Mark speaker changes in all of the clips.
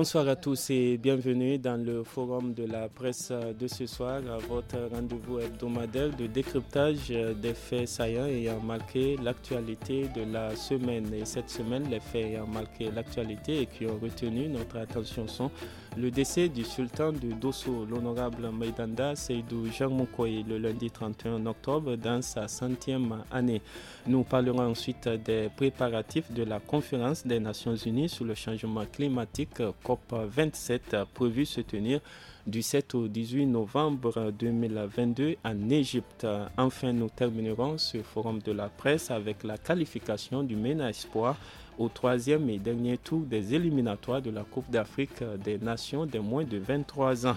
Speaker 1: Bonsoir à tous et bienvenue dans le forum de la presse de ce soir, à votre rendez-vous hebdomadaire de décryptage des faits saillants ayant marqué l'actualité de la semaine. Et cette semaine, les faits ayant marqué l'actualité et qui ont retenu notre attention sont le décès du sultan de Dosso, l'honorable Maidanda Seydou Jean le lundi 31 octobre, dans sa centième année. Nous parlerons ensuite des préparatifs de la conférence des Nations Unies sur le changement climatique COP27 prévue se tenir du 7 au 18 novembre 2022 en Égypte. Enfin, nous terminerons ce forum de la presse avec la qualification du MENA Espoir au troisième et dernier tour des éliminatoires de la Coupe d'Afrique des Nations de moins de 23 ans.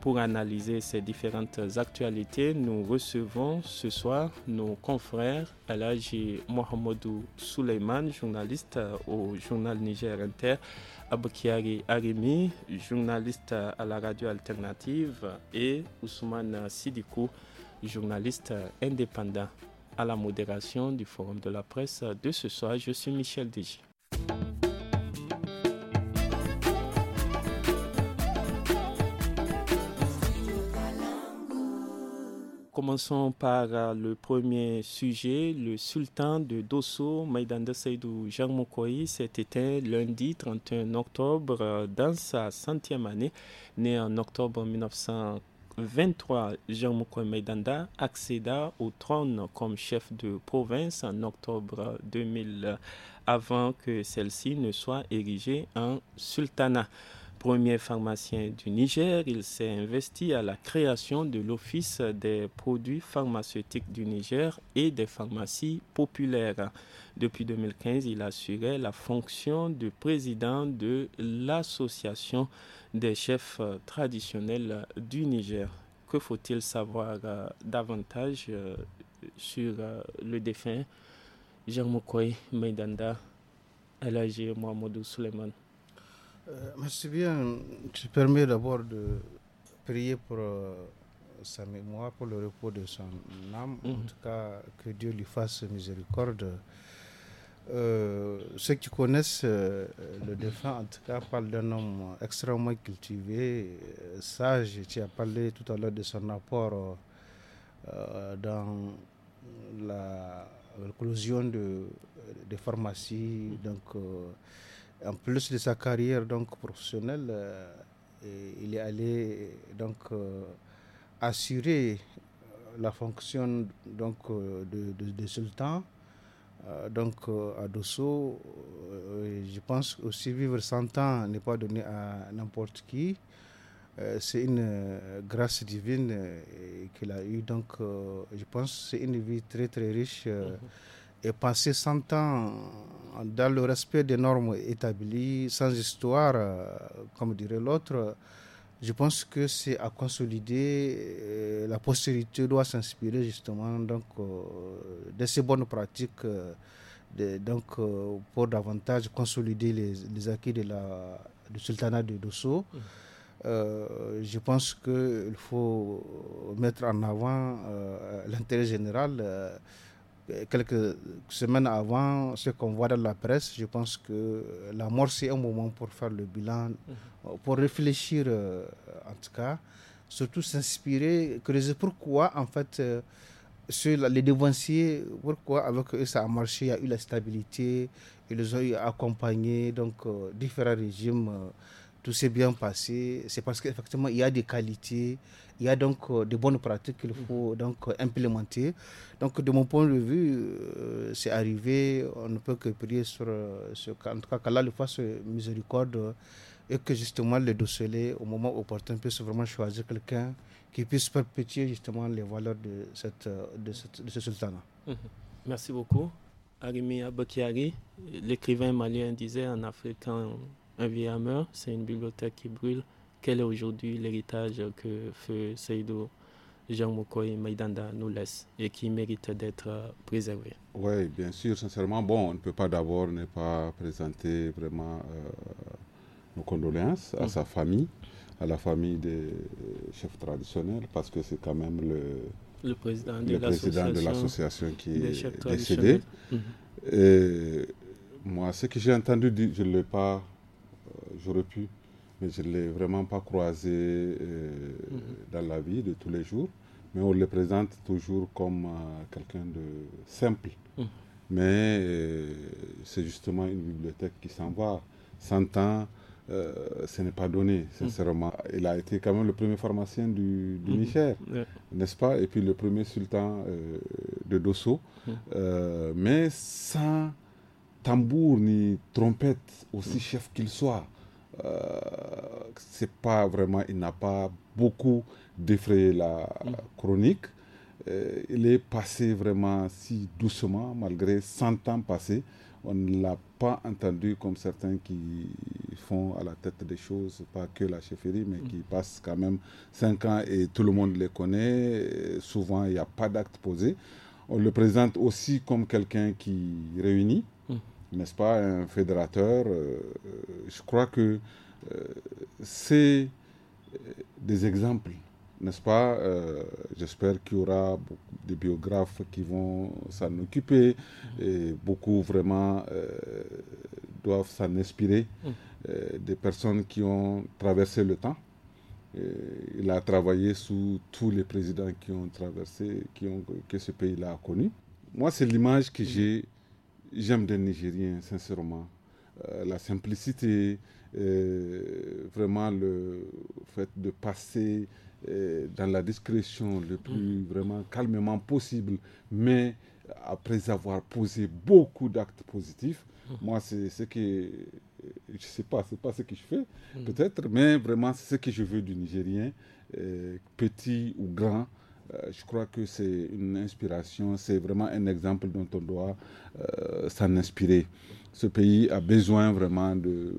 Speaker 1: Pour analyser ces différentes actualités, nous recevons ce soir nos confrères Alaji Mohamedou Souleyman, journaliste euh, au journal Niger Inter, Abkiari Arimi, journaliste euh, à la radio alternative, et Ousmane Sidikou, journaliste euh, indépendant à la modération du Forum de la presse de ce soir. Je suis Michel Dégis. Commençons par euh, le premier sujet. Le sultan de Dosso, Maïdanda Seydou Jean Mokoyi, s'est lundi 31 octobre euh, dans sa centième année. Né en octobre 1940, 23, Jérôme Danda accéda au trône comme chef de province en octobre 2000, avant que celle-ci ne soit érigée en sultanat. Premier pharmacien du Niger, il s'est investi à la création de l'Office des produits pharmaceutiques du Niger et des pharmacies populaires. Depuis 2015, il assurait la fonction de président de l'association des chefs euh, traditionnels euh, du Niger. Que faut-il savoir euh, davantage sur le défunt Jermoukoué Maïdanda de Mohamedou Suleiman
Speaker 2: euh, Merci bien. Tu permets d'abord de prier pour sa mémoire, pour le repos de son âme. En mhm. tout cas, que Dieu lui fasse miséricorde euh, ceux qui connaissent euh, euh, le défunt, en tout cas, parlent d'un homme extrêmement cultivé, sage. Tu as parlé tout à l'heure de son apport dans la des de, Donc, en plus de sa carrière donc, professionnelle, il est allé donc, assurer la fonction donc, de sultan euh, donc euh, à Dosso, euh, je pense aussi vivre 100 ans n'est pas donné à n'importe qui. c'est une grâce divine qu'il a eue. Donc je pense c'est une vie très très riche. Mhm. et passer 100 ans dans le respect des normes établies, sans histoire, comme dirait l'autre, je pense que c'est à consolider. Euh, la postérité doit s'inspirer justement donc, euh, de ces bonnes pratiques. Euh, donc, pour davantage consolider les, acquis de la, du sultanat de Dosso. Mmh. je pense qu'il faut mettre en avant l'intérêt général. Euh, quelques semaines avant ce qu'on voit dans la presse, je pense que la mort, c'est un moment pour faire le bilan, mhm. euh, pour réfléchir euh, en tout cas, surtout s'inspirer, creuser pourquoi en fait sur les dévanciers, pourquoi avec eux ça a marché, il y a eu la stabilité, ils ont accompagné donc différents régimes, tout s'est bien passé. C'est parce qu'effectivement il y a des qualités il y a donc euh, de bonnes pratiques qu'il faut mhm. donc euh, implémenter. Donc de mon point de vue, euh, c'est arrivé, on ne peut que prier sur ce en tout cas qu'Allah le fasse miséricorde et que justement le dossier au moment opportun puisse vraiment choisir quelqu'un qui puisse perpétuer justement les valeurs de, cette, de, ce sultanat.
Speaker 1: Mhm. Merci beaucoup. Arimi Abakiari, l'écrivain malien disait en Afrique, un vieil meurt, c'est une bibliothèque qui brûle quel est aujourd'hui l'héritage que Feu Seydou Jean Mokoy Maïdanda nous laisse et qui mérite d'être euh, préservé.
Speaker 3: Oui, bien sûr, sincèrement, bon, on ne peut pas d'abord ne pas présenter vraiment euh, nos condoléances à mm. sa famille, à la famille des chefs traditionnels, parce que c'est quand même le, le président de l'association qui est décédé. Et moi, ce que j'ai entendu, je ne l'ai pas, euh, j'aurais pu mais je ne l'ai vraiment pas croisé euh, mm-hmm. dans la vie de tous les jours. Mais on le présente toujours comme euh, quelqu'un de simple. Mm-hmm. Mais euh, c'est justement une bibliothèque qui s'en va. 100 ans, ce n'est pas donné, mm-hmm. sincèrement. Il a été quand même le premier pharmacien du, Niger, n'est-ce pas Et puis le premier sultan de Dosso. mais sans tambour ni trompette, aussi chef qu'il soit. Euh, c'est pas vraiment, il n'a pas beaucoup défrayé la mm. chronique. Euh, il est passé vraiment si doucement, malgré 100 ans passés. On ne l'a pas entendu comme certains qui font à la tête des choses, pas que la chefferie, mais mm. qui passent quand même 5 ans et tout le monde les connaît. Euh, souvent, il n'y a pas d'acte posé. On le présente aussi comme quelqu'un qui réunit, n'est-ce pas, un fédérateur. Euh, euh, je crois que euh, c'est des exemples, n'est-ce pas J'espère qu'il y aura des biographes qui vont s'en occuper mm. et beaucoup vraiment doivent s'en inspirer mm. des personnes qui ont traversé le temps. il a travaillé sous tous les présidents qui ont traversé, qui ont, que ce pays-là a connu. Moi, c'est l'image que mm. j'ai j'aime des Nigériens, sincèrement. Euh, la simplicité, euh, vraiment le fait de passer euh, dans la discrétion le mm. plus vraiment calmement possible, mais après avoir posé beaucoup d'actes positifs, mm. moi c'est ce que je sais pas, c'est pas ce que je fais mm. peut-être, mais vraiment c'est ce que je veux du Nigérien, petit ou grand. Euh, je crois que c'est une inspiration, c'est vraiment un exemple dont on doit euh, s'en inspirer. Ce pays a besoin vraiment de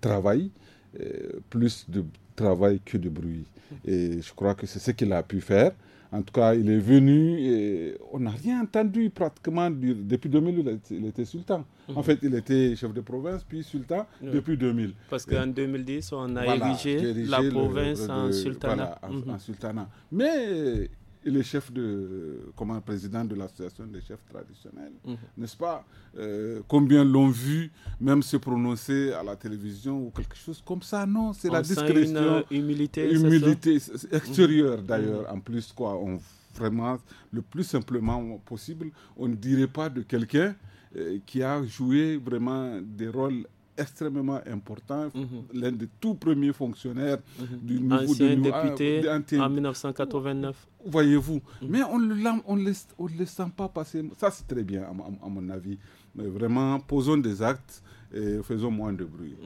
Speaker 3: travail, euh, plus de travail que de bruit. Et je crois que c'est ce qu'il a pu faire. En tout cas, il est venu et on n'a rien entendu pratiquement depuis 2000, il était sultan. En mhm. fait, il était chef de province, puis sultan depuis 2000.
Speaker 1: Parce qu'en 2010, on a érigé, la province en sultanat.
Speaker 3: en mhm. sultanat. Mais il est chef de, comment, président de l'association des chefs traditionnels, mhm. n'est-ce pas euh, Combien l'ont vu même se prononcer à la télévision ou quelque chose comme ça Non, c'est la discrétion. Une euh, humilité, humilité mhm. extérieure mhm. d'ailleurs, en plus quoi. On, vraiment le plus simplement possible. On ne dirait pas de quelqu'un euh, qui a joué vraiment des rôles extrêmement important, mhm. l'un des tout premiers fonctionnaires mhm. du nouveau Ancien député euh, en 1989.
Speaker 1: Voyez-vous, mhm. mais
Speaker 3: on ne le, on le, sent pas passer. Ça, c'est très bien, à, à, mon avis. Mais vraiment, posons des actes et faisons moins de bruit.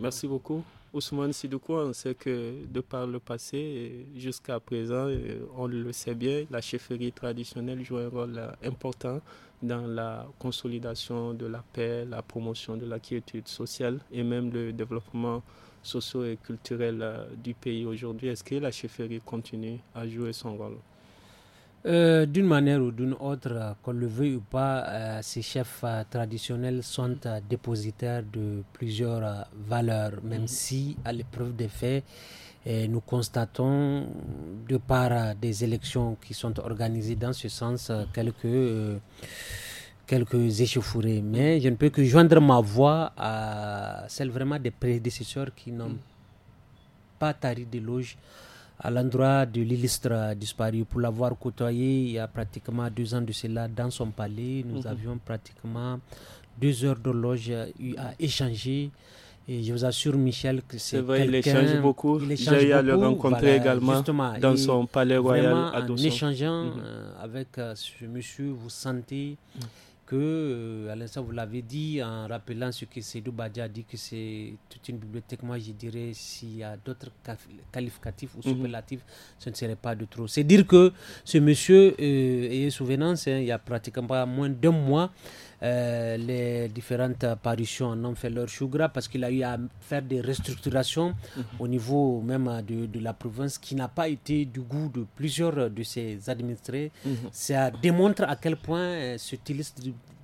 Speaker 1: Merci beaucoup. Ousmane Sidoukou, on sait que de par le passé jusqu'à présent, euh, on le sait bien, la chefferie traditionnelle joue un rôle euh, important dans la consolidation de la paix, la promotion de la quiétude sociale et même le développement socio et culturel euh, du pays aujourd'hui. Est-ce que la chefferie continue à jouer son rôle euh, D'une manière ou d'une
Speaker 4: autre, qu'on le veuille ou pas, euh, ces chefs traditionnels sont dépositaires de plusieurs valeurs, même mhm. si, à l'épreuve des faits, et nous constatons, de par euh, des élections qui sont organisées dans ce sens, euh, quelques, euh, quelques échauffourées. Mais je ne peux que joindre ma voix à celle vraiment des prédécesseurs qui n'ont pas de loge à l'endroit de l'illustre disparu. Pour l'avoir côtoyé il y a pratiquement deux ans de cela dans son palais, nous mhm. avions pratiquement deux heures de loge à échanger. Et je vous assure, Michel, que c'est vrai, il échange beaucoup. J'ai eu à le rencontrer également dans son palais royal à Dosson. En échangeant mhm. euh, avec euh, ce monsieur, vous sentez mhm. que, euh, à l'instant, vous l'avez dit, en rappelant ce que Seydou Badia dit, que c'est toute une bibliothèque. Moi, je dirais, s'il y a d'autres qualificatifs ou mhm. superlatifs, ce ne serait pas de trop. C'est dire que ce monsieur, a eu souvenance, hein. il y a pratiquement moins d'un mois, euh, les différentes apparitions en ont fait leur chou gras parce qu'il a eu à faire des restructurations au niveau même de, la province qui n'a pas été du goût de plusieurs de ses administrés. Ça démontre à quel point euh, ce illustre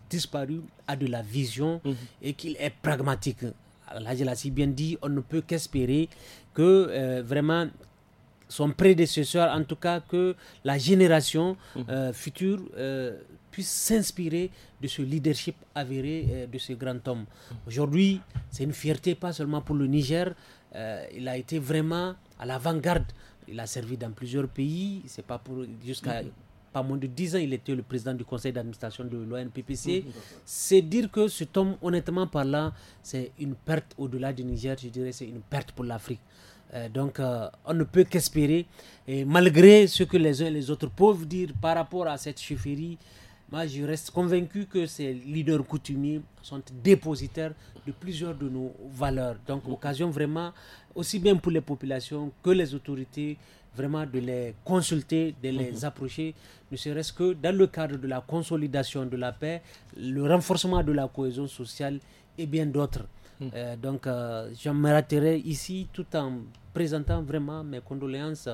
Speaker 4: disparu a de la vision et qu'il est pragmatique. Là, je l'ai si bien dit, on ne peut qu'espérer que euh, vraiment son prédécesseur, en tout cas que la génération mhm. euh, future euh, puisse s'inspirer de ce leadership avéré euh, de ce grand homme. Aujourd'hui, c'est une fierté pas seulement pour le Niger, il a été vraiment à l'avant-garde. Il a servi dans plusieurs pays, c'est pas pour jusqu'à mhm. pas moins de 10 ans, il était le président du conseil d'administration de l'ONPPC. Mhm. C'est dire que ce homme, honnêtement parlant, c'est une perte au-delà du Niger, je dirais, c'est une perte pour l'Afrique. Euh, donc, euh, on ne peut qu'espérer. Et malgré ce que les uns et les autres peuvent dire par rapport à cette chefferie, moi, je reste convaincu que ces leaders coutumiers sont dépositaires de plusieurs de nos valeurs. Donc, occasion vraiment, aussi bien pour les populations que les autorités, vraiment de les consulter, de les mhm. approcher, ne serait-ce que dans le cadre de la consolidation de la paix, le renforcement de la cohésion sociale et bien d'autres. Hmm. Euh, donc, euh, je me raterai ici tout en présentant vraiment mes condoléances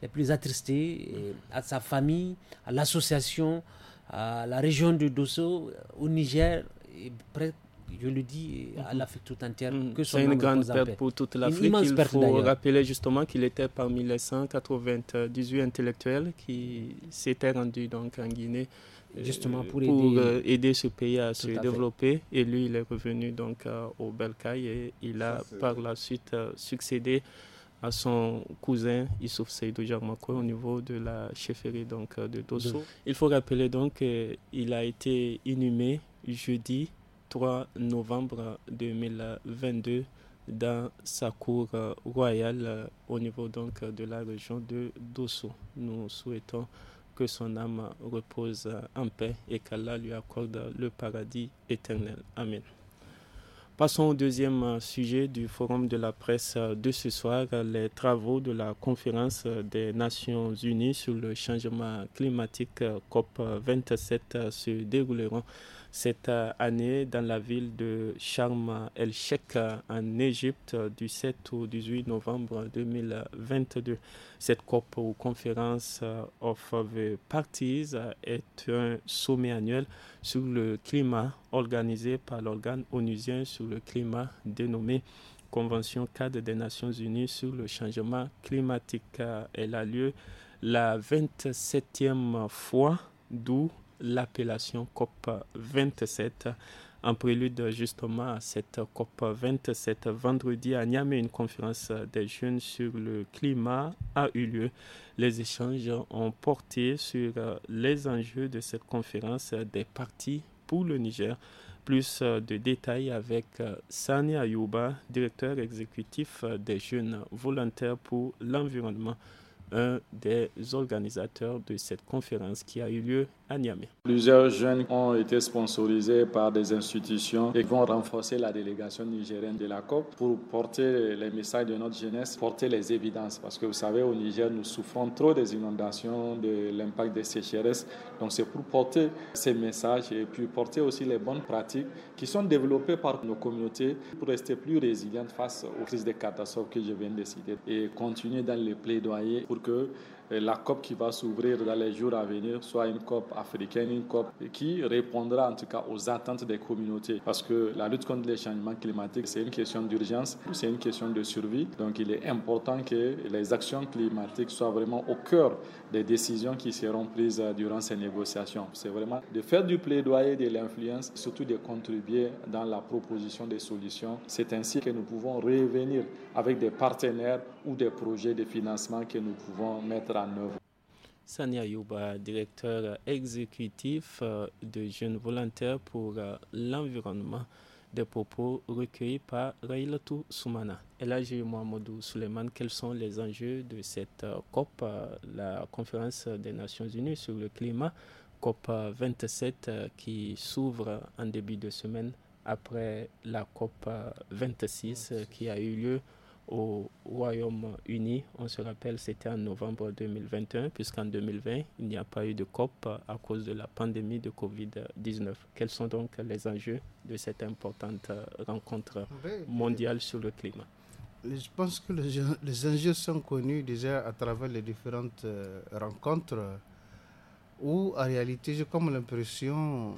Speaker 4: les plus attristées euh, à sa famille, à l'association, à la région du Dosso, au Niger, et je le dis euh, à mhm. l'Afrique
Speaker 1: tout entière. Mhm. que C'est une grande perte pour toute l'Afrique. Il faut rappeler justement qu'il était parmi les 198 intellectuels qui s'étaient rendus donc en Guinée euh, justement pour, euh, aider, ce pays à se développer. Et lui, il est revenu donc au Belkaï et il a par la suite succédé à son cousin Issouf Seydou Jarmakoué, au niveau de la chefferie donc, de Dosso. Il faut rappeler donc qu'il a été inhumé jeudi 3 novembre 2022 dans sa cour euh, royale euh, au niveau donc euh, de la région de Dosso. Nous souhaitons que son âme repose en paix et qu'Allah lui accorde le paradis éternel. Amen. Passons au deuxième sujet du forum de la presse de ce soir, les travaux de la conférence des Nations Unies sur le changement climatique COP27 se dérouleront cette euh, année dans la ville de Sharm el-Sheikh euh, en Égypte euh, du 7 au 18 novembre 2022. Cette COP ou Conférence of the Parties est un sommet annuel sur le climat organisé par l'organe onusien sur le climat dénommé Convention cadre des Nations Unies sur le changement climatique. Elle a lieu la 27e fois, d'où l'appellation COP 27 en prélude justement à cette COP27. Vendredi à Niamey, une conférence des jeunes sur le climat a eu lieu. Les échanges ont porté sur les enjeux de cette conférence des partis pour le Niger. Plus de détails avec Sani Ayouba, directeur exécutif des jeunes volontaires pour l'environnement un des organisateurs de cette conférence qui a eu lieu à Niamey.
Speaker 5: Plusieurs jeunes ont été sponsorisés par des institutions et vont renforcer la délégation nigérienne de la COP pour porter les messages de notre jeunesse, porter les évidences. Parce que vous savez, au Niger, nous souffrons trop des inondations, de l'impact des sécheresses. Donc c'est pour porter ces messages et puis porter aussi les bonnes pratiques qui sont développées par nos communautés pour rester plus résilientes face aux crises de catastrophes que je viens de citer et continuer dans les plaidoyers pour que eh, la COP qui va s'ouvrir dans les jours à venir soit une COP africaine, une COP qui répondra en tout cas aux attentes des communautés. Parce que la lutte contre les changements climatiques, c'est une question d'urgence, c'est une question de survie. Donc il est important que les actions climatiques soient vraiment au cœur des décisions qui seront prises euh, durant ces négociations. C'est vraiment de faire du plaidoyer de l'influence, surtout de contribuer dans la proposition des solutions. C'est ainsi que nous pouvons revenir avec des partenaires ou des projets de financement que nous pouvons mettre en œuvre.
Speaker 1: Sania Yuba, directeur exécutif euh, de Jeunes Volontaires pour euh, l'Environnement, des propos recueillis par Railatou Soumana. Et là, j'ai Mohamedou Suleiman, quels sont les enjeux de cette euh, COP, la conférence des Nations Unies sur le climat, COP 27, qui s'ouvre en début de semaine après la COP 26 qui a eu lieu au Royaume-Uni. On se rappelle, c'était en novembre 2021, puisqu'en 2020, il n'y a pas eu de COP euh, à cause de la pandémie de Covid-19. Quels sont donc les enjeux de cette importante euh, rencontre euh, mondiale sur le climat je
Speaker 2: pense que les, enjeux sont connus déjà à travers les différentes rencontres où, en réalité, j'ai comme l'impression,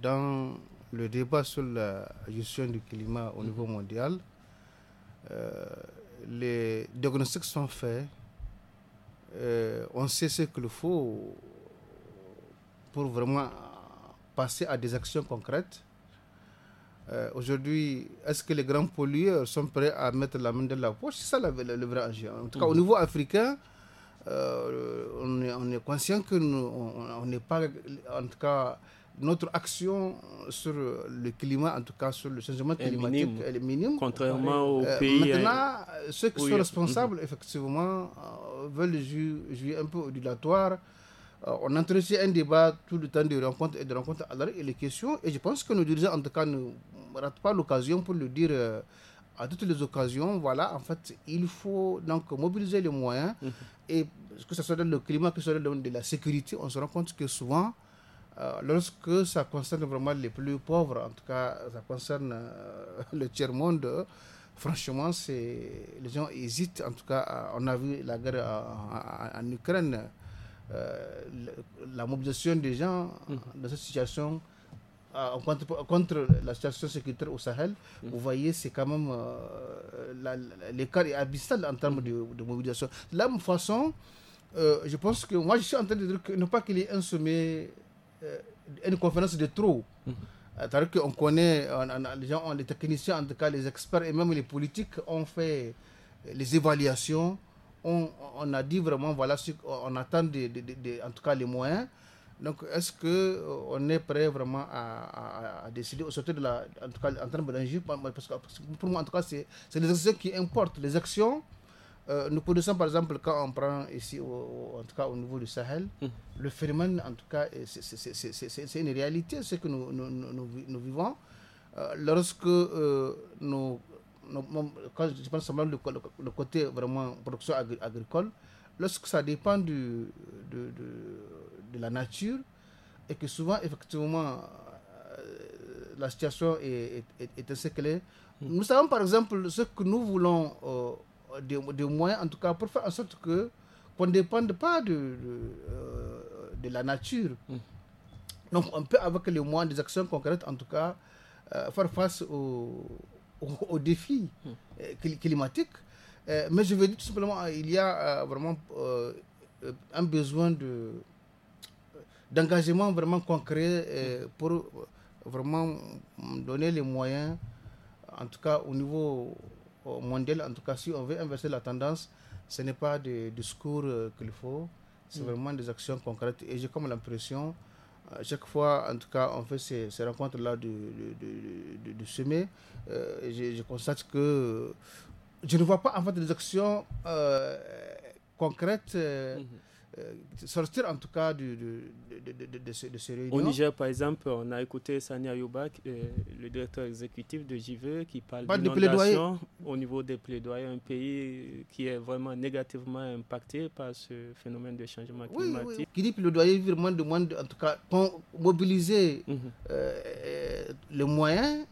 Speaker 2: dans le débat sur la gestion du climat au niveau mondial, euh, les diagnostics sont faits. Euh, on sait ce qu'il faut pour vraiment passer à des actions concrètes. Euh, aujourd'hui, est-ce que les grands pollueurs sont prêts à mettre la main dans la poche C'est ça le, vrai enjeu. En tout cas, au mhm. niveau africain, on, est, on, est, conscient que nous, on n'est pas, en tout cas, notre action sur le climat, en tout cas sur le changement climatique,
Speaker 1: elle est minime. Contrairement aux euh, pays. maintenant, ceux qui sont euh, responsables,
Speaker 2: mhm. effectivement, euh, veulent jouer, jouer, un peu au dilatoire. on entretient un débat tout le temps de rencontres et de rencontres alors et les questions. Et je pense que nos dirigeants, en tout cas, ne ratent pas l'occasion pour le dire à toutes les occasions, voilà, en fait, il faut donc mobiliser les moyens mhm. et que ce soit dans le climat, que ce soit dans de la sécurité, on se rend compte que souvent, euh, lorsque ça concerne vraiment les plus pauvres, en tout cas, ça concerne euh, le tiers-monde, franchement, les gens hésitent. En tout cas, on a vu la guerre en, Ukraine, euh, la mobilisation des gens mhm. dans cette situation. contre, la situation sécuritaire au Sahel, mhm. vous voyez, c'est quand même l'écart est abyssal en termes de, de mobilisation. De la même façon, je pense que moi, je suis en train de dire que non pas qu'il y ait un sommet euh, une conférence de trop. Euh, on cest à connaît, les, gens, les techniciens, en tout cas les experts et même les politiques ont fait les évaluations. On, a dit vraiment, voilà, on attend en tout cas les moyens. Donc, est-ce qu'on euh, est prêt vraiment à, décider sortir de la. En tout cas, en termes Parce que pour moi, en tout cas, c'est les actions qui importent. Les actions euh, nous connaissons par exemple quand on prend ici, en tout cas au niveau du Sahel, hmm. le phénomène, en tout cas, c'est une réalité, ce que nous, nous, vivons. Euh, lorsque euh, nous, quand je pense simplement le, côté vraiment production agricole, lorsque ça dépend du, de, la nature, et que souvent, effectivement, la situation est, est, est, hmm. Nous savons par exemple ce que nous voulons des, moyens, en tout cas, pour faire en sorte que qu'on ne dépende pas de, de, euh, la nature. Mm. Donc, on peut, avec les moyens, des actions concrètes, en tout cas, euh, faire face aux, aux, défis mm. euh, climatiques. mais je veux dire tout simplement, il y a vraiment un besoin de d'engagement vraiment concret pour vraiment donner les moyens, en tout cas au niveau mondial en tout cas, si on veut inverser la tendance, ce n'est pas des discours euh, qu'il faut, c'est mm. vraiment des actions concrètes. Et j'ai comme l'impression, euh, chaque fois, en tout cas, on fait ces, rencontres-là de de sommet, euh, je, constate que je ne vois pas en fait des actions concrètes. Mm-hmm. Euh, sortir en tout cas
Speaker 1: de, de, de, Au Niger, par exemple, on a écouté Sania Yubak, euh, le directeur exécutif de JV, qui parle de d'inondation au niveau des plaidoyers, un pays qui est vraiment négativement impacté par ce phénomène de changement climatique. Oui, oui.
Speaker 2: Qui dit plaidoyer, vraiment demande en tout cas pour mobiliser mhm. euh, les moyens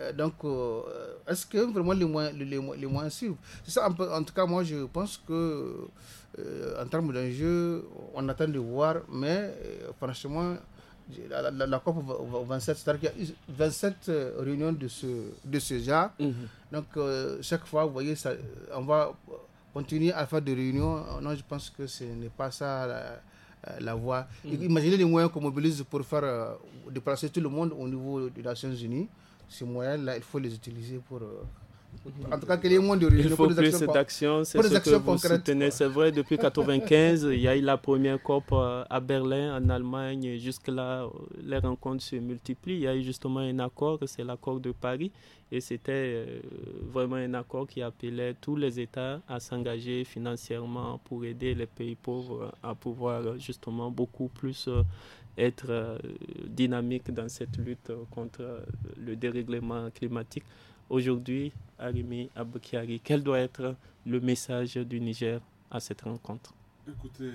Speaker 2: euh, donc, euh, est-ce que vraiment les moins, suivent C'est ça, en, tout cas, moi, je pense que, euh, en termes d'enjeux, on attend de voir, mais franchement, la, COP 27, c'est-à-dire qu'il y a 27 réunions de ce, de genre. Mhm. Donc, chaque fois, vous voyez, on va continuer à faire des réunions. Non, je pense que ce n'est pas ça la, voie. Mhm. Imaginez les moyens qu'on mobilise pour faire déplacer tout le monde au niveau des Nations Unies ces moyens-là, il faut les utiliser pour. Euh, en tout cas, qu'il y ait moins de Il faut plus d'actions, c'est ce que vous soutenez. C'est vrai, depuis 1995,
Speaker 1: il y a eu la première COP euh, à Berlin, en Allemagne. Jusque-là, euh, les rencontres se multiplient. Il y a eu justement un accord, c'est l'accord de Paris. Et c'était vraiment un accord qui appelait tous les États à s'engager financièrement pour aider les pays pauvres à pouvoir justement beaucoup plus être euh, dynamique dans cette lutte euh, contre euh, le dérèglement climatique. Aujourd'hui, Arimi Aboukiari, quel doit être le message du Niger
Speaker 3: à cette rencontre Écoutez,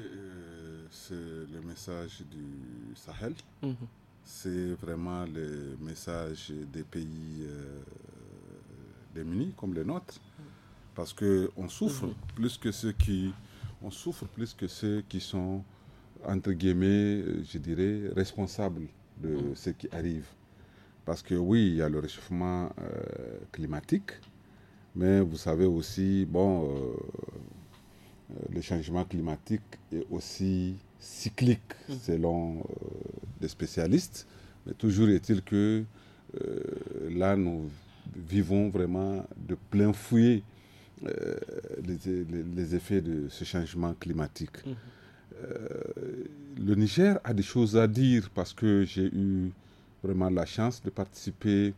Speaker 3: c'est le message du Sahel. Mhm. C'est vraiment le message des pays démunis comme les nôtres. Parce qu'on souffre mhm. plus que ceux qui... On souffre plus que ceux qui sont entre guillemets, euh, je dirais, responsable de mm. ce qui arrive. Parce que oui, il y a le réchauffement euh, climatique, mais vous savez aussi, bon, euh, le changement climatique est aussi cyclique mm. selon des spécialistes. Mais toujours est-il que là, nous vivons vraiment de plein fouet les, effets de ce changement climatique. Mm-hmm. Euh, le Niger a des choses à dire parce que j'ai eu vraiment la chance de participer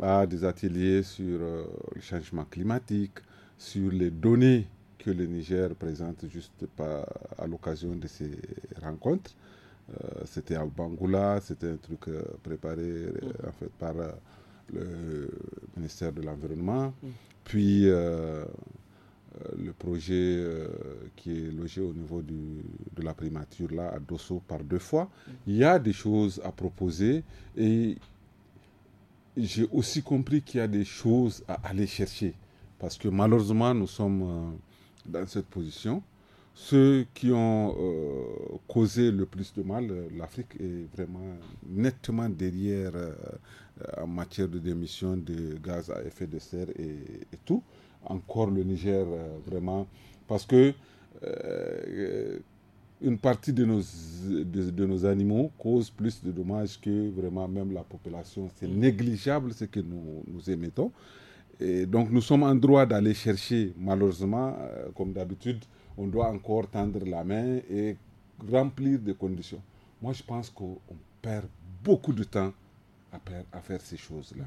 Speaker 3: à des ateliers sur euh, le changement climatique, sur les données que le Niger présente juste à l'occasion de ces rencontres. Euh, c'était à Bangoula, c'était un truc préparé en fait par le ministère de l'Environnement. Mm. Puis euh, le projet euh, qui est logé au niveau de la primature là à Dosso par deux fois. Il y a des choses à proposer et j'ai aussi compris qu'il y a des choses à aller chercher parce que malheureusement nous sommes euh, dans cette position. Ceux qui ont causé le plus de mal, l'Afrique est vraiment nettement derrière en matière de démission de gaz à effet de serre et tout encore le Niger euh, vraiment. Parce que euh, une partie de nos, de, nos animaux cause plus de dommages que vraiment même la population. C'est mm. négligeable ce que nous, nous émettons. Et donc nous sommes en droit d'aller chercher, malheureusement, euh, comme d'habitude, on doit encore tendre la main et remplir des conditions. Moi, je pense qu'on perd beaucoup de temps à, à faire ces choses-là.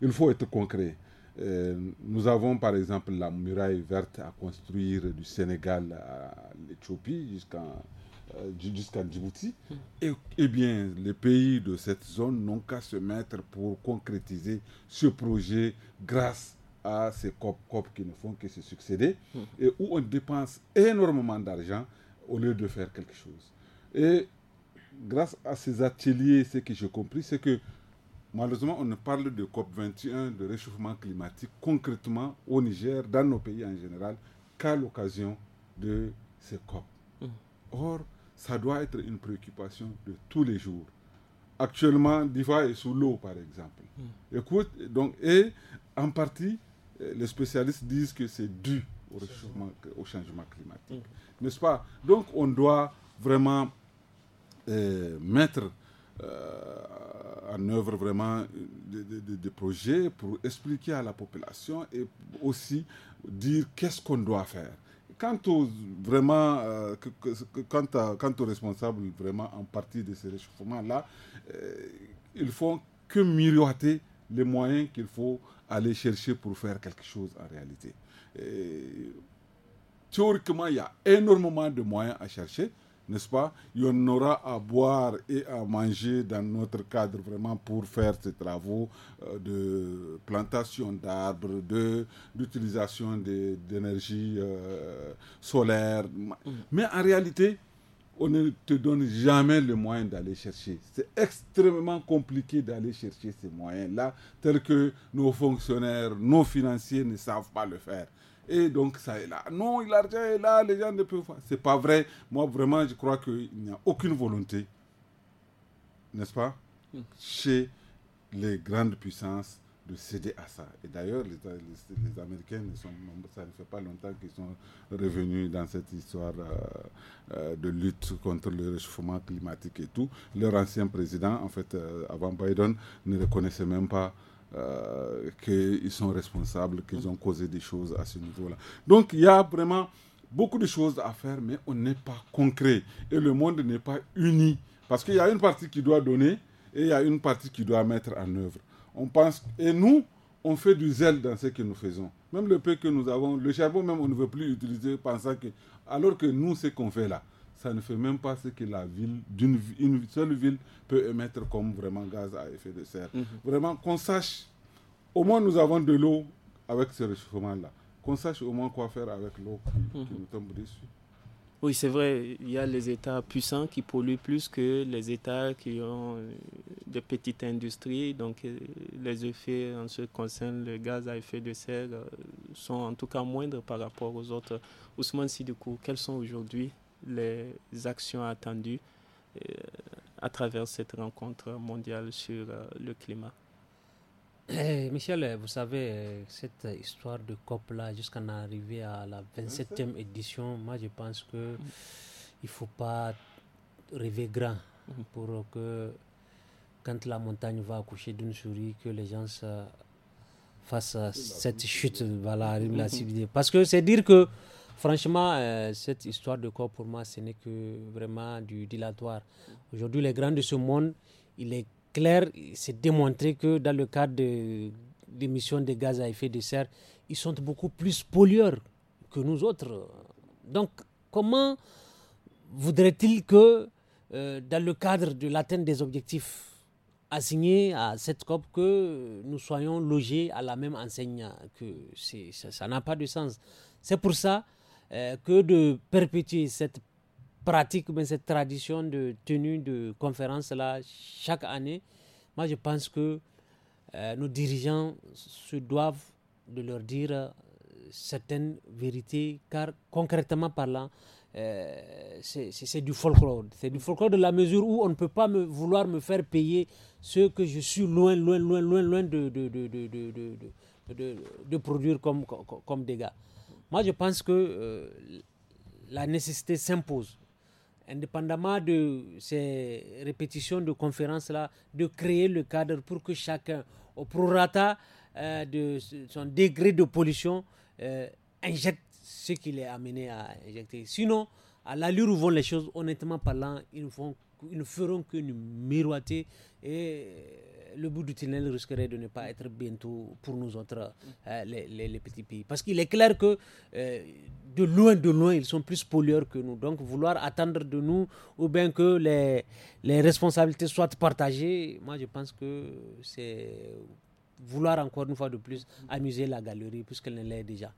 Speaker 3: Il faut être concret. Euh, nous avons par exemple la muraille verte à construire du Sénégal à l'Éthiopie jusqu'à euh, Djibouti. Et, et, bien, les pays de cette zone n'ont qu'à se mettre pour concrétiser ce projet grâce à ces COP-COP qui ne font que se succéder et où on dépense énormément d'argent au lieu de faire quelque chose. Et grâce à ces ateliers, ce que j'ai compris, c'est que Malheureusement, on ne parle de COP21, de réchauffement climatique, concrètement au Niger, dans nos pays en général, qu'à l'occasion de ces COP. Mm. Or, ça doit être une préoccupation de tous les jours. Actuellement, Diva est sous l'eau, par exemple. Mm. Écoute, donc, et en partie, euh, les spécialistes disent que c'est dû au au changement climatique. Mm. N'est-ce pas Donc, on doit vraiment euh, mettre euh, en œuvre vraiment euh, des projets pour expliquer à la population et aussi dire qu'est-ce qu'on doit faire. Quant aux, vraiment, euh, aux responsables vraiment en partie de ces réchauffements-là, il euh, ils font que miroiter les moyens qu'il faut aller chercher pour faire quelque chose en réalité. théoriquement, il y a énormément de moyens à chercher n'est-ce pas Il y en aura à boire et à manger dans notre cadre vraiment pour faire ces travaux euh, de plantation d'arbres, de d'utilisation d'énergie euh, solaire. Mm. Mais en réalité, on ne te donne jamais le moyen d'aller chercher. C'est extrêmement compliqué d'aller chercher ces moyens-là, tels que nos fonctionnaires, nos financiers ne savent pas le faire. Et donc, ça est là. Non, l'argent est là, les gens ne peuvent pas. C'est pas vrai. Moi, vraiment, je crois qu'il n'y a aucune volonté, n'est-ce pas, chez les grandes puissances de céder à ça. Et d'ailleurs, les, les, Américains, sont, ça ne fait pas longtemps qu'ils sont revenus dans cette histoire euh, euh, de lutte contre le réchauffement climatique et tout. Leur ancien président, en fait, euh, avant Biden, ne reconnaissait même pas euh, qu'ils sont responsables, qu'ils ont causé des choses à ce niveau-là. Donc il y a vraiment beaucoup de choses à faire, mais on n'est pas concret et le monde n'est pas uni parce qu'il y a une partie qui doit donner et il y a une partie qui doit mettre en œuvre. On pense et nous, on fait du zèle dans ce que nous faisons. Même le peu que nous avons, le charbon même, on ne veut plus utiliser, pensant que alors que nous, ce qu'on fait là, ça ne fait même pas ce que la ville, d'une une seule ville, peut émettre comme vraiment gaz à effet de serre. Mhm. Vraiment, qu'on sache, au moins nous avons de l'eau avec ce réchauffement-là, qu'on sache au moins quoi faire avec l'eau qui, mhm. nous tombe dessus.
Speaker 1: Oui, c'est vrai, il y a les États puissants qui polluent plus que les États qui ont euh, des petites industries. Donc euh, les effets en ce qui concerne le gaz à effet de serre euh, sont en tout cas moindres par rapport aux autres. Ousmane Sidoukou, quels sont aujourd'hui les actions attendues euh, à travers cette rencontre mondiale sur euh, le climat. Eh, Michel, vous savez,
Speaker 4: euh, cette histoire de COP-là, jusqu'en arriver à la 27e édition, moi je pense que mm. il ne faut pas rêver grand mm. pour que quand la montagne va accoucher d'une souris, que les gens fassent bah, cette chute, voilà, la civilité. Mm. Parce que c'est dire que Franchement, euh, cette histoire de COP, pour moi, ce n'est que vraiment du dilatoire. Aujourd'hui, les grands de ce monde, il est clair, c'est démontré que dans le cadre de l'émission des gaz à effet de serre, ils sont beaucoup plus pollueurs que nous autres. Donc, comment voudrait-il que, euh, dans le cadre de l'atteinte des objectifs assignés à cette COP, que nous soyons logés à la même enseigne que ça n'a pas de sens. C'est pour ça euh, que de perpétuer cette pratique, mais cette tradition de tenue de conférences là chaque année. Moi, je pense que euh, nos dirigeants se doivent de leur dire euh, certaines vérités, car concrètement parlant, c'est du folklore. C'est du folklore de la mesure où on ne peut pas me, vouloir me faire payer ce que je suis loin, loin, loin, loin, loin de, de, produire comme, comme, comme dégâts. Moi, je pense que euh, la nécessité s'impose, indépendamment de ces répétitions de conférences-là, de créer le cadre pour que chacun, au prorata euh, de son degré de pollution, euh, injecte ce qu'il est amené à injecter. Sinon, à l'allure où vont les choses, honnêtement parlant, ils ne, feront qu'une et le bout du tunnel risquerait de ne pas être bientôt pour nous autres, euh, les, petits pays. Parce qu'il est clair que euh, de loin, de loin, ils sont plus pollueurs que nous. Donc vouloir attendre de nous ou bien que les, les responsabilités soient partagées, moi je pense que c'est vouloir encore une fois de plus amuser la galerie puisqu'elle ne l'est déjà.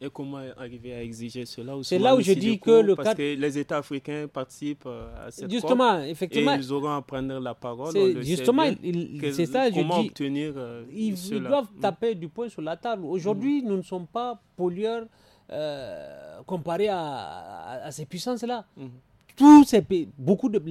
Speaker 1: Et comment arriver à exiger cela C'est là où je dis que le parce que les États africains participent euh, à cette justement, effectivement, et ils auront à prendre la parole. justement, c'est ça. Comment je dis, obtenir euh, ils, doivent
Speaker 4: mm. taper du poing sur la table. Aujourd'hui, nous ne sommes pas pollueurs euh, comparés à, ces puissances-là. Mm. Tous ces pays, beaucoup de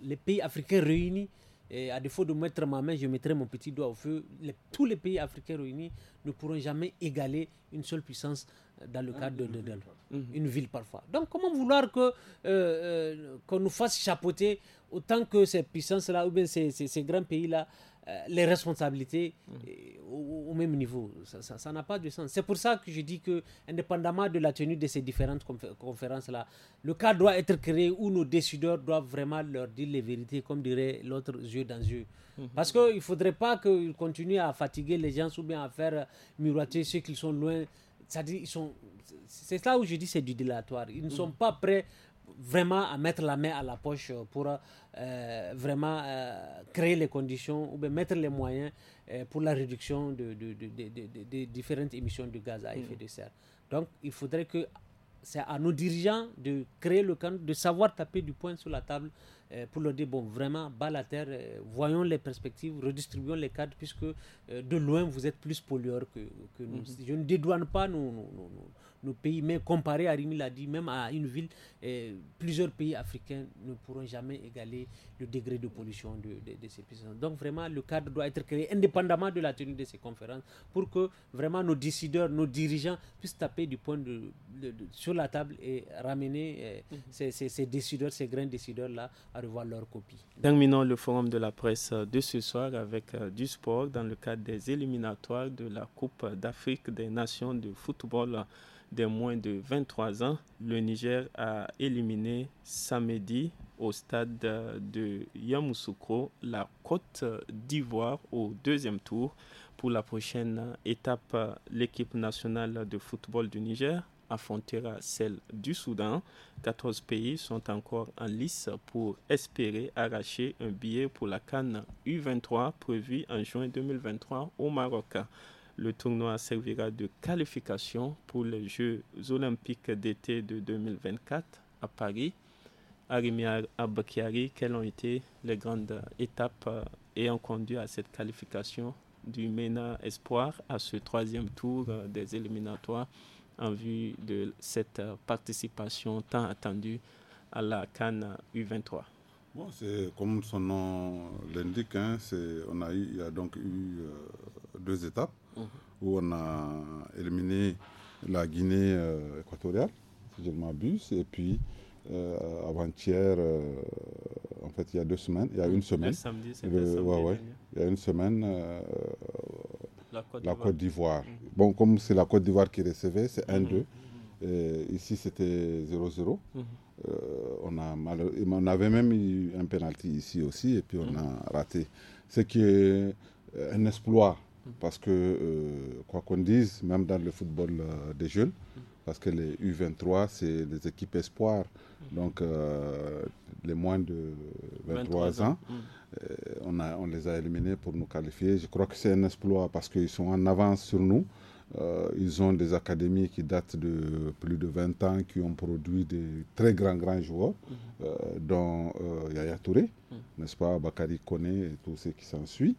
Speaker 4: les pays africains réunis et à défaut de mettre ma main, je mettrai mon petit doigt au feu. tous les pays africains réunis ne pourront jamais égaler une seule puissance euh, dans le ah, cadre d'une de, mhm. une ville parfois. Donc comment vouloir euh, euh, qu'on nous fasse chapeauter autant que ces puissances-là ou bien ces grands pays-là euh, les responsabilités mm. euh, au, même niveau. Ça n'a pas de sens. C'est pour ça que je dis que, indépendamment de la tenue de ces différentes conférences-là, le cas doit être créé où nos décideurs doivent vraiment leur dire les vérités, comme dirait l'autre, yeux dans yeux. Mm-hmm. Parce qu'il ne faudrait pas qu'ils continuent à fatiguer les gens ou bien à faire miroiter ceux qui sont loin. C'est là où je dis c'est du dilatoire. Ils ne mm. sont pas prêts vraiment à mettre la main à la poche euh, pour euh, euh, vraiment créer les conditions ou bien mettre les moyens pour la réduction des de, de, de, différentes émissions de gaz à effet mm. de serre. Donc il faudrait que c'est à nos dirigeants de créer le cadre, de savoir taper du poing sur la table pour leur dire bon, vraiment, bas la terre, voyons les perspectives, redistribuons les cadres, puisque de loin vous êtes plus pollueurs que, que nous. Mm-hmm. Je ne dédouane pas nous nous nos, nos pays. Mais comparé à Rimi l'a dit, même à une ville, euh, plusieurs pays africains ne pourront jamais égaler le degré de pollution de, ces puissances. Donc vraiment, le cadre doit être créé indépendamment de la tenue de ces conférences pour que vraiment nos décideurs, nos dirigeants puissent taper du point sur la table et ramener euh, mhm. ces, décideurs, ces grands décideurs-là à revoir leur copie.
Speaker 1: Terminons le forum de la presse de ce soir avec euh, du sport dans le cadre des éliminatoires de la Coupe d'Afrique des Nations de football des moins de 23 ans, le Niger a éliminé samedi au stade euh, de Yamoussoukro la Côte d'Ivoire au deuxième tour. Pour la prochaine étape, euh, l'équipe nationale de football du Niger affrontera celle du Soudan. 14 pays sont encore en lice pour espérer arracher un billet pour la Cannes U23 prévue en juin 2023 au Maroc. Le tournoi servira de qualification pour les Jeux olympiques d'été de 2024 à Paris, Arimia Abakiari, Quelles ont été les grandes étapes euh, ayant conduit à cette qualification du MENA Espoir à ce troisième tour euh, des éliminatoires en vue de cette participation tant attendue à la Cannes U23
Speaker 3: comme son nom l'indique, hein, on a il y a donc eu euh, deux étapes où on a éliminé la Guinée euh, équatoriale, si je ne m'abuse. Et puis, euh, avant-hier, euh, en fait, il y a deux semaines, il y a une semaine. Il y a une semaine, la Côte d'Ivoire. Bon, comme c'est la Côte d'Ivoire qui recevait, c'est 1-2. Mhm. Ici, c'était 0-0. Mhm. on, a on avait même eu un penalty ici aussi, et puis on mhm. a raté. Ce qui est un exploit parce que, euh, quoi qu'on dise, même dans le football euh, des jeunes, parce que les U23, c'est des équipes espoirs, donc euh, les moins de 23, ans, on, les a éliminés pour nous qualifier. Je crois que c'est un exploit parce qu'ils sont en avance sur nous. ils ont des académies qui datent de plus de 20 ans, qui ont produit des très grands, grands joueurs, mhm. dont Yaya Touré, n'est-ce pas, Bakari Kone et tout ce qui s'ensuit.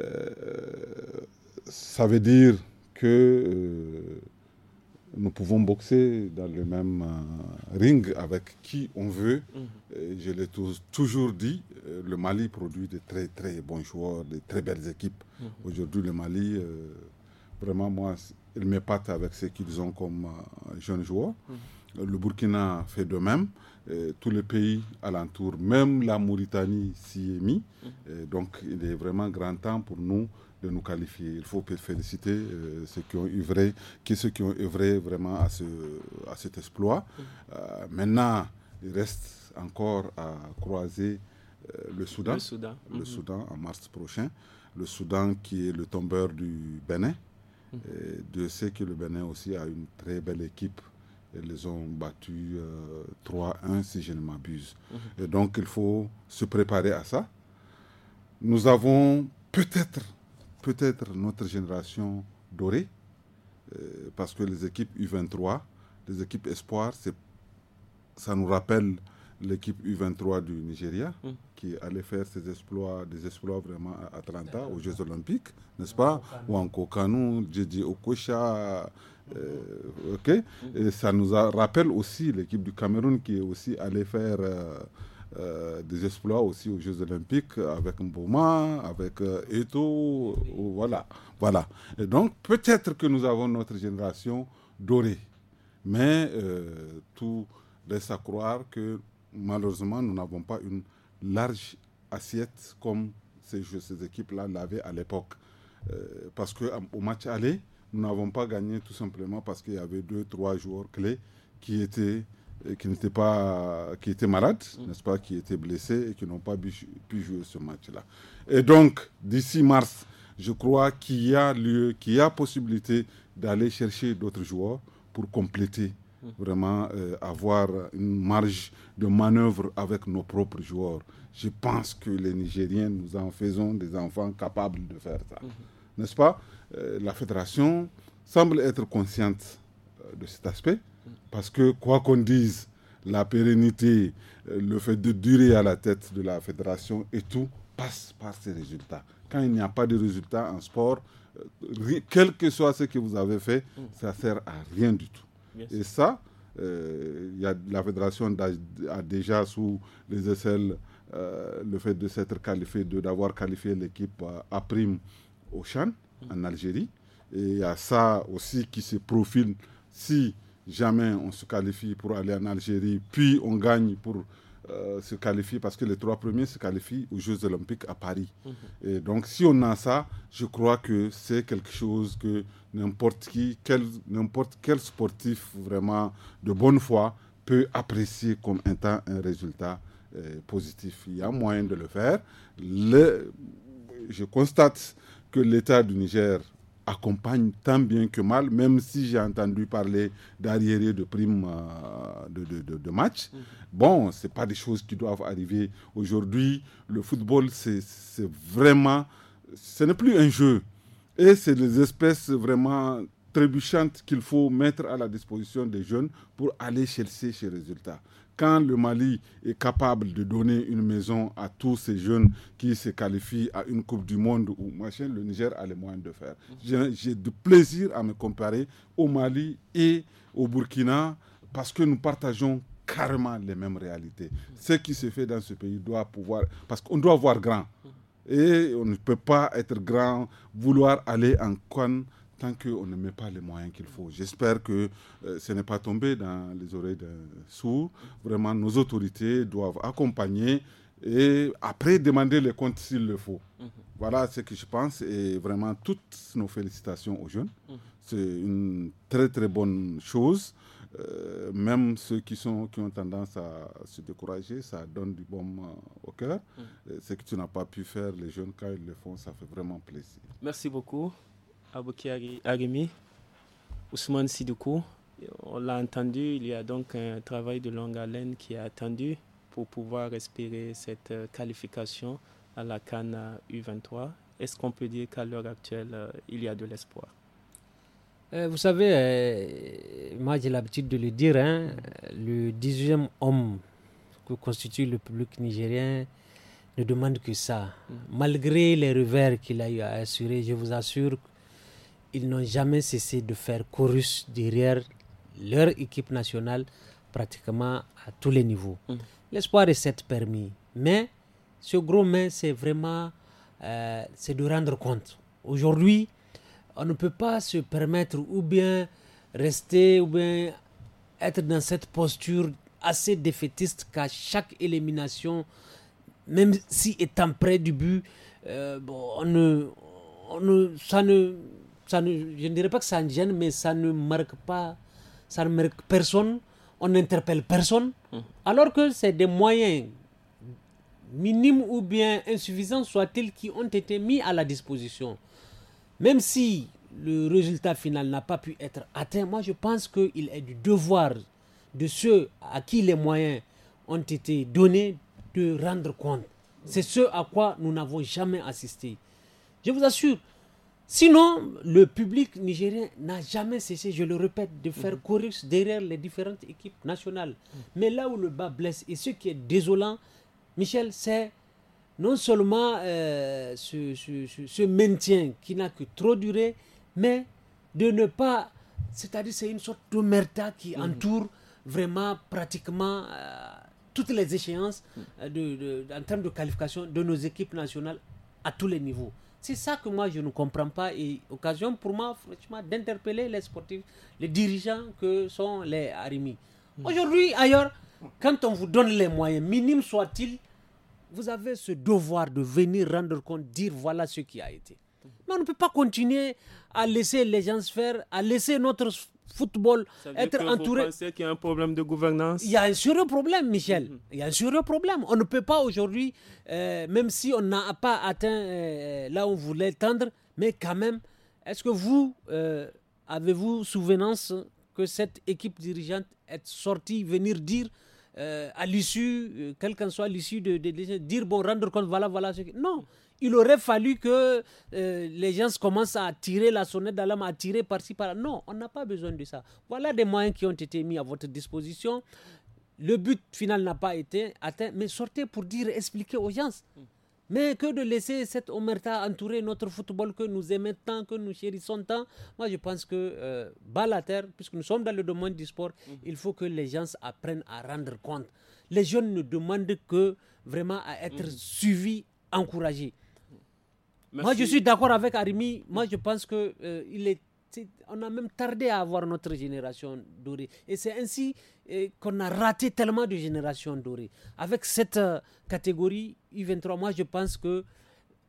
Speaker 3: Euh, ça veut dire que euh, nous pouvons boxer dans le même euh, ring avec qui on veut. Mhm. Je l'ai toujours dit, le Mali produit de très très bons joueurs, de très belles équipes. Mhm. Aujourd'hui, le Mali, vraiment, moi, il m'épate avec ce qu'ils ont comme jeunes joueurs. Mhm. Le Burkina fait de même. Euh, tous les pays alentour, même la Mauritanie s'y est mis. Mhm. Euh, donc il est vraiment grand temps pour nous de nous qualifier. Il faut féliciter euh, ceux qui ont œuvré, qui, ceux qui ont vraiment à, ce, à cet exploit. Mhm. maintenant, il reste encore à croiser le Soudan. Le mhm. Soudan. en mars prochain. Le Soudan qui est le tombeur du Bénin. de ce que le Bénin aussi a une très belle équipe ils ont battu 3-1 euh, si je ne m'abuse. Mhm. Et donc il faut se préparer à ça. Nous avons peut-être, peut-être notre génération dorée, euh, parce que les équipes U23, les équipes Espoir, ça nous rappelle l'équipe U23 du Nigeria, mhm. qui allait faire ses exploits, des exploits vraiment à Atlanta, aux Jeux Olympiques, n'est-ce pas Ou en Kokanou, Djedi Okocha, euh, Et ça nous rappelle aussi l'équipe du Cameroun qui est aussi allée faire euh, euh, des exploits aussi aux Jeux Olympiques avec Mboma, avec Eto, voilà. voilà. Et donc peut-être que nous avons notre génération dorée, mais tout laisse à croire que malheureusement nous n'avons pas une large assiette comme ces, ces équipes-là l'avaient à l'époque. parce parce qu'au match aller, nous n'avons pas gagné tout simplement parce qu'il y avait deux, trois joueurs clés qui étaient euh, qui n'étaient pas qui étaient malades, mm. n'est-ce pas, qui étaient blessés et qui n'ont pas pu, jouer ce match-là. Et donc d'ici mars, je crois qu'il y a lieu, qu'il y a possibilité d'aller chercher d'autres joueurs pour compléter mm. vraiment euh, avoir une marge de manœuvre avec nos propres joueurs. Je pense que les Nigériens, nous en faisons des enfants capables de faire ça. Mm-hmm. N'est-ce pas euh, la fédération semble être consciente euh, de cet aspect, parce que quoi qu'on dise, la pérennité, euh, le fait de durer à la tête de la fédération et tout passe par ces résultats. Quand il n'y a pas de résultats en sport, quel que soit ce que vous avez fait, mm. ça sert à rien du tout. Et ça, y a, la fédération a, déjà sous les aisselles le fait de s'être qualifié, d'avoir qualifié l'équipe à, prime au Chan en Algérie. Et il y a ça aussi qui se profile si jamais on se qualifie pour aller en Algérie, puis on gagne pour euh, se qualifier, parce que les trois premiers se qualifient aux Jeux olympiques à Paris. Mhm. Et donc si on a ça, je crois que c'est quelque chose que n'importe qui, quel, n'importe quel sportif vraiment de bonne foi peut apprécier comme étant un résultat euh, positif. Il y a moyen de le faire. je constate que l'État du Niger accompagne tant bien que mal, même si j'ai entendu parler d'arriérés de primes euh, de, de, match. Mhm. Bon, ce pas des choses qui doivent arriver aujourd'hui. Le football, c'est vraiment... Ce n'est plus un jeu. Et c'est des espèces vraiment trébuchantes qu'il faut mettre à la disposition des jeunes pour aller chercher ces résultats quand le Mali est capable de donner une maison à tous ces jeunes qui se qualifient à une Coupe du Monde ou machin, le Niger a les moyens de faire. J'ai du plaisir à me comparer au Mali et au Burkina parce que nous partageons carrément les mêmes réalités. Ce qui se fait dans ce pays doit pouvoir, parce qu'on doit voir grand. Et on ne peut pas être grand, vouloir aller en conne tant qu'on ne met pas les moyens qu'il faut. J'espère que euh, ce n'est pas tombé dans les oreilles d'un sourd. Vraiment, nos autorités doivent accompagner et après demander les comptes s'il le faut. Mhm. Voilà ce que je pense et vraiment toutes nos félicitations aux jeunes. Mhm. C'est une très très bonne chose. Euh, même ceux qui, sont, qui ont tendance à se décourager, ça donne du bon euh, au cœur. Mhm. ce que tu n'as pas pu faire, les jeunes, quand ils le font, ça fait vraiment plaisir.
Speaker 1: Merci beaucoup. Abouki Arimi, Ousmane Sidoukou. On l'a entendu, il y a donc un travail de longue haleine qui est attendu pour pouvoir respirer cette euh, qualification à la Cannes U23. Est-ce qu'on peut dire qu'à l'heure actuelle, euh, il y a de l'espoir
Speaker 4: euh, Vous savez, moi j'ai l'habitude de le dire, hein, le 18e homme que constitue le public nigérien ne demande que ça. Mm. Malgré les revers qu'il a eu à assurer, je vous assure que ils n'ont jamais cessé de faire chorus derrière leur équipe nationale pratiquement à tous les niveaux. Mm. L'espoir est cette permis, mais ce gros mais c'est vraiment euh, c'est de rendre compte. Aujourd'hui, on ne peut pas se permettre ou bien rester ou bien être dans cette posture assez défaitiste qu'à chaque élimination, même si étant près du but, euh, on ne, ça ne je ne dirais pas que ça gêne, mais ça ne marque pas, ça ne marque personne, on n'interpelle personne, mmh. alors que c'est des moyens minimes ou bien insuffisants soit ils qui ont été mis à la disposition. Même si le résultat final n'a pas pu être atteint, moi je pense qu'il est du devoir de ceux à qui les moyens ont été donnés de rendre compte. C'est ce à quoi nous n'avons jamais assisté. Je vous assure, Sinon, le public nigérien n'a jamais cessé, je le répète, de faire mhm. courir derrière les différentes équipes nationales. Mhm. Mais là où le bas blesse, et ce qui est désolant, Michel, c'est non seulement euh, ce, maintien qui n'a que trop duré, mais de ne pas... C'est-à-dire c'est une sorte de d'omerta qui mhm. entoure vraiment pratiquement euh, toutes les échéances euh, en termes de qualification de nos équipes nationales à tous les niveaux. C'est ça que moi je ne comprends pas et occasion pour moi franchement d'interpeller les sportifs, les dirigeants que sont les Arimi. Mm. Aujourd'hui ailleurs, quand on vous donne les moyens, minimes soient-ils, vous avez ce devoir de venir rendre compte, dire voilà ce qui a été. Mais on ne peut pas continuer à laisser les gens se faire, à laisser notre football, être entouré. Vous
Speaker 1: qu'il y a un problème de gouvernance Il y a un
Speaker 4: sérieux problème, Michel. Mm-hmm. Il y a un sérieux problème. On ne peut pas aujourd'hui, euh, même si on n'a pas atteint euh, là où on voulait tendre, mais quand même, est-ce que vous euh, avez-vous souvenance que cette équipe dirigeante est sortie venir dire euh, à l'issue, euh, quel qu'en soit l'issue, de, dire bon, rendre compte, voilà, voilà ce Non! Il aurait fallu que euh, les gens commencent à tirer la sonnette d'alarme, à tirer par-ci, par-là. Non, on n'a pas besoin de ça. Voilà des moyens qui ont été mis à votre disposition. Le but final n'a pas été atteint, mais sortez pour dire, expliquer aux gens. Hmm. Mais que de laisser cette omerta entourer notre football que nous aimons tant, que nous chérissons tant, moi je pense que euh, bas la terre, puisque nous sommes dans le domaine du sport, mhm. il faut que les gens apprennent à rendre compte. Les jeunes ne demandent que vraiment à être mhm. suivis, encouragés. Moi je suis d'accord avec Arimi, moi je pense qu'il euh, est on a même tardé à avoir notre génération dorée. Et c'est ainsi eh, qu'on a raté tellement de générations dorées. Avec cette euh, catégorie U23, moi je pense que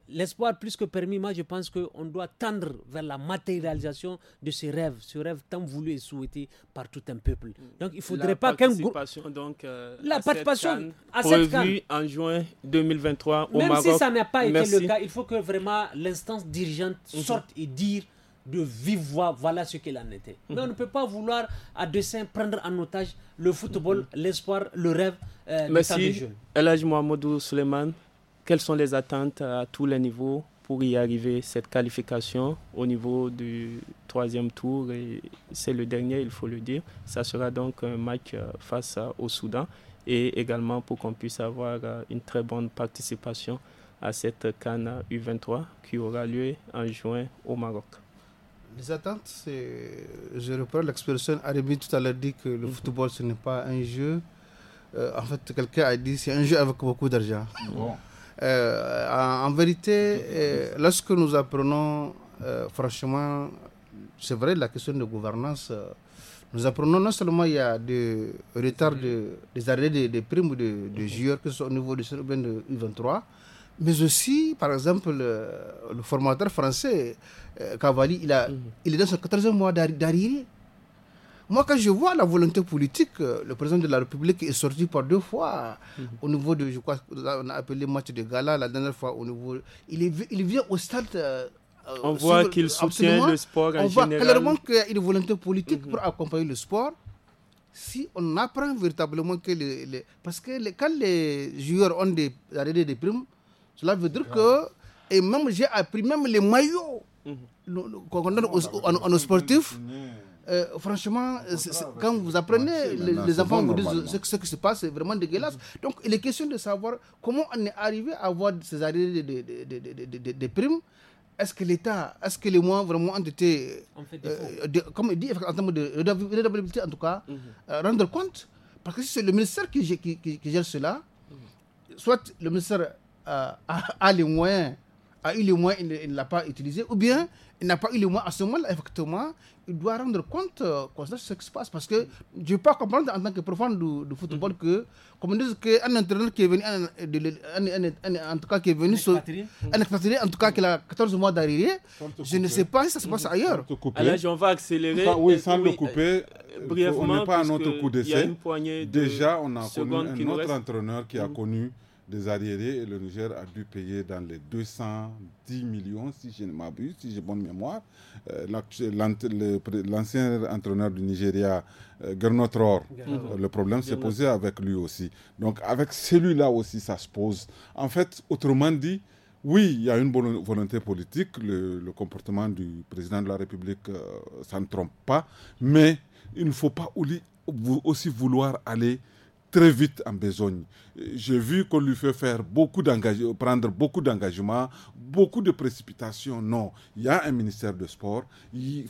Speaker 4: l'espoir plus que permis, moi je pense qu'on doit tendre vers la matérialisation de ce rêve, ce rêve tant voulu et souhaité par tout un peuple. Donc il ne faudrait pas qu'un groupe... Euh, la à participation à cette canne.
Speaker 1: en juin 2023 au Même si ça n'a pas été le
Speaker 4: cas, il faut que vraiment l'instance dirigeante mhm. sorte et dise de vivre, voilà ce qu'il en était. Mhm. Mais on ne peut pas vouloir à dessein prendre en otage le football, mhm. l'espoir,
Speaker 1: le rêve euh, Merci. Elhaj Mohamedou Suleiman, quelles sont les attentes euh, à tous les niveaux pour y arriver cette qualification au niveau du troisième tour et c'est le dernier, il faut le dire. Ça sera donc un match euh, face euh, au Soudan et également pour qu'on puisse avoir une très bonne participation à cette Cana U23 qui aura lieu en juin au Maroc.
Speaker 2: Les attentes, c'est. Je reprends l'expression. Arémi tout à l'heure dit que le mhm. football, ce n'est pas un jeu. Euh, en fait, quelqu'un a dit c'est un jeu avec beaucoup d'argent. Euh, en, vérité, euh, lorsque nous apprenons, franchement, c'est vrai, la question de gouvernance, nous apprenons non seulement il y a des retards, de, des arrêts des, primes de, de mhm. joueurs, que ce soit au niveau du de U23, mais aussi, par exemple, le, formateur français, euh, Cavalli, il, a, mhm. il est dans son 14e mois d'arrivée. Moi, quand je vois la volonté politique, euh, le président de la République est sorti par deux fois mhm. au niveau de, je crois, on a appelé match de gala la dernière fois au niveau. Il, il vient au stade. Euh, on voit qu'il soutient le sport en on général. On voit clairement qu'il y a une volonté politique mhm. pour accompagner le sport si on apprend véritablement que les, parce que quand les joueurs ont des, des primes, cela veut dire que, et même j'ai appris même les maillots mhm. qu'on donne aux nos sportifs. Euh, franchement, euh, quand vous apprenez, les, enfants vous disent ce, qui se passe, c'est vraiment dégueulasse. Mhm. Donc, il est question de savoir comment on est arrivé à avoir ces arrêts de, de, de, de primes. Est-ce que l'État, est-ce que les moyens vraiment ont été, euh, comme il dit, en termes de redevabilité en tout cas, mhm. rendre compte Parce que si c'est le ministère qui, gère cela, soit le ministère euh, a, a les moyens, a eu les moyens, il ne l'a pas utilisé, ou bien il n'a pas eu les moyens à ce moment-là, effectivement, il doit rendre compte euh, de ce qui se passe. Parce que je ne peux pas comprendre en tant que profond du, football mm-hmm. que, comme on dit, qu'un entraîneur qui est venu, un, un, en tout cas, qui est venu, sur, un en tout cas, qui a 14 mois d'arrivée, je ne sais pas si ça se passe ailleurs.
Speaker 3: on va accélérer. oui, euh, sans couper, brièvement, on n'est pas à notre coup d'essai. Déjà, on a connu un autre entraîneur qui a mm. connu des arriérés et le Niger a dû payer dans les 210 millions, si je ne m'abuse, si j'ai bonne mémoire. Euh, l'ancien entraîneur du Nigeria, euh, Gernot euh, Rohr, le problème s'est posé avec lui aussi. Donc avec celui-là aussi, ça se pose. En fait, autrement dit, oui, il y a une bonne volonté politique, le, comportement du président de la République, ça ne trompe pas, mais il ne faut pas aussi vouloir aller très vite en besogne. J'ai vu qu'on lui fait faire beaucoup prendre beaucoup d'engagements, beaucoup de précipitations. Non, il y a un ministère de sport,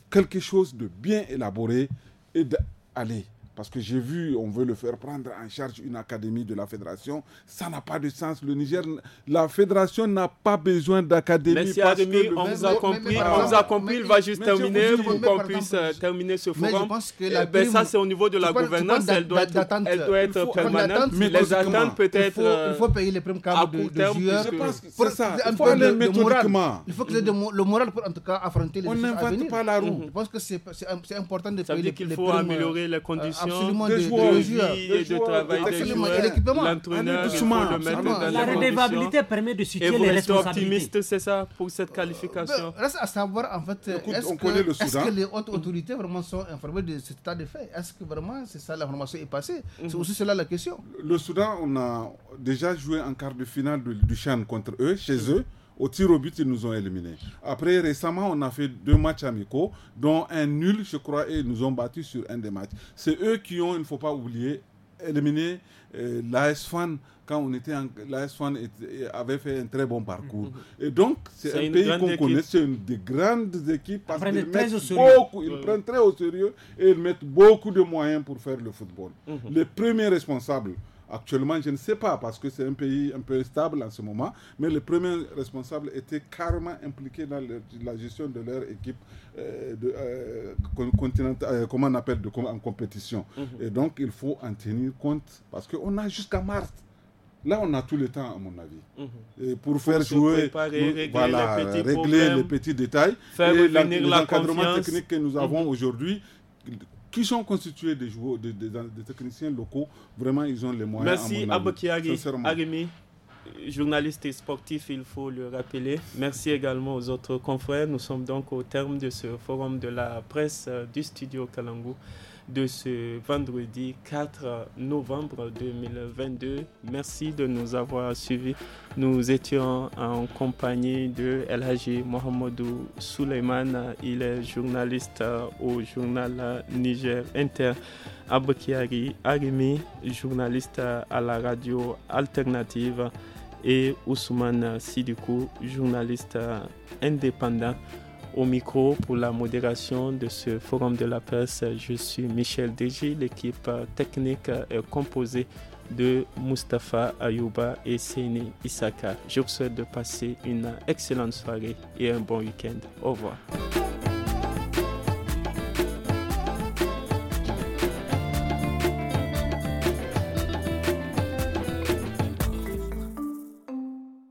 Speaker 3: quelque chose de bien élaboré et d'aller. Parce que j'ai vu, on veut le faire prendre en charge une académie de la fédération. Ça n'a pas de sens. Le Niger, la fédération n'a pas besoin d'académie. Merci parce on, vous a compris, on vous a Il va juste terminer pour qu'on puisse
Speaker 1: euh, terminer ce forum. Mais je pense que la eh ben, ça, c'est au niveau de la gouvernance. Elle doit être,
Speaker 2: permanente. Mais les attentes peut-être. Il, faut, euh, payer les primes à terme. Je pense ça. Il faut aller méthodiquement. Il faut que le moral pour en tout cas affronter les On n'invente pas la mm. roue. Je pense que c'est important de payer les primes. Ça veut dire qu'il faut euh, améliorer les conditions absolument de, joueurs, de, joueurs, de, travail des l'entraîneur, La redévabilité permet de situer les responsabilités. optimiste,
Speaker 1: c'est ça, pour cette euh, qualification ben, Reste
Speaker 2: à savoir, en fait, est-ce que, les hautes autorités vraiment sont informées de cet état de fait Est-ce que vraiment c'est ça l'information est passée C'est mhm. aussi cela la question.
Speaker 3: Le Soudan, on a déjà joué en quart de finale du Chan contre eux, chez eux. Au tir au but, ils nous ont éliminés. Après, récemment, on a fait deux matchs amicaux, dont un nul, je crois, et ils nous ont battus sur un des matchs. C'est eux qui ont, il ne faut pas oublier, éliminé euh, l'AS Fan quand on était en l'AS Fan avait fait un très bon parcours. Mm-hmm. Et donc c'est un pays qu'on connaît, c'est une des grandes équipes parce qu'ils mettent beaucoup, ils prennent très au sérieux et ils mettent beaucoup de moyens pour faire le football. Mm-hmm. Les premiers responsables Actuellement, je ne sais pas parce que c'est un pays un peu instable en ce moment, mais les premiers responsables étaient carrément impliqués dans la gestion de leur équipe euh, de, euh, euh, comment on appelle, de, en compétition. Mhm. Et donc, il faut en tenir compte parce qu'on a jusqu'à mars. Là, on a tout le temps, à mon avis. Mhm. et pour faire jouer, régler, les, petits régler les petits détails. Faire l'encadrement technique que nous avons mhm. aujourd'hui qui sont constitués des joueurs, de, techniciens locaux. Vraiment, ils ont les moyens. Merci, à
Speaker 1: Agimi, journaliste et sportif, il faut le rappeler. Merci également aux autres confrères. Nous sommes donc au terme de ce forum de la presse euh, du studio Kalangou de ce vendredi 4 novembre 2022. Merci de nous avoir suivis. Nous étions en compagnie de LHG Mohamedou Suleiman. Il est journaliste au journal Niger Inter. Abakiari Arimi, journaliste à la radio alternative. Et Ousmane Sidikou, journaliste indépendant. Au micro pour la modération de ce forum de la presse, je suis Michel DJ, L'équipe technique est composée de Mustapha Ayouba et Séné Isaka. Je vous souhaite de passer une excellente soirée et un bon week-end. Au revoir.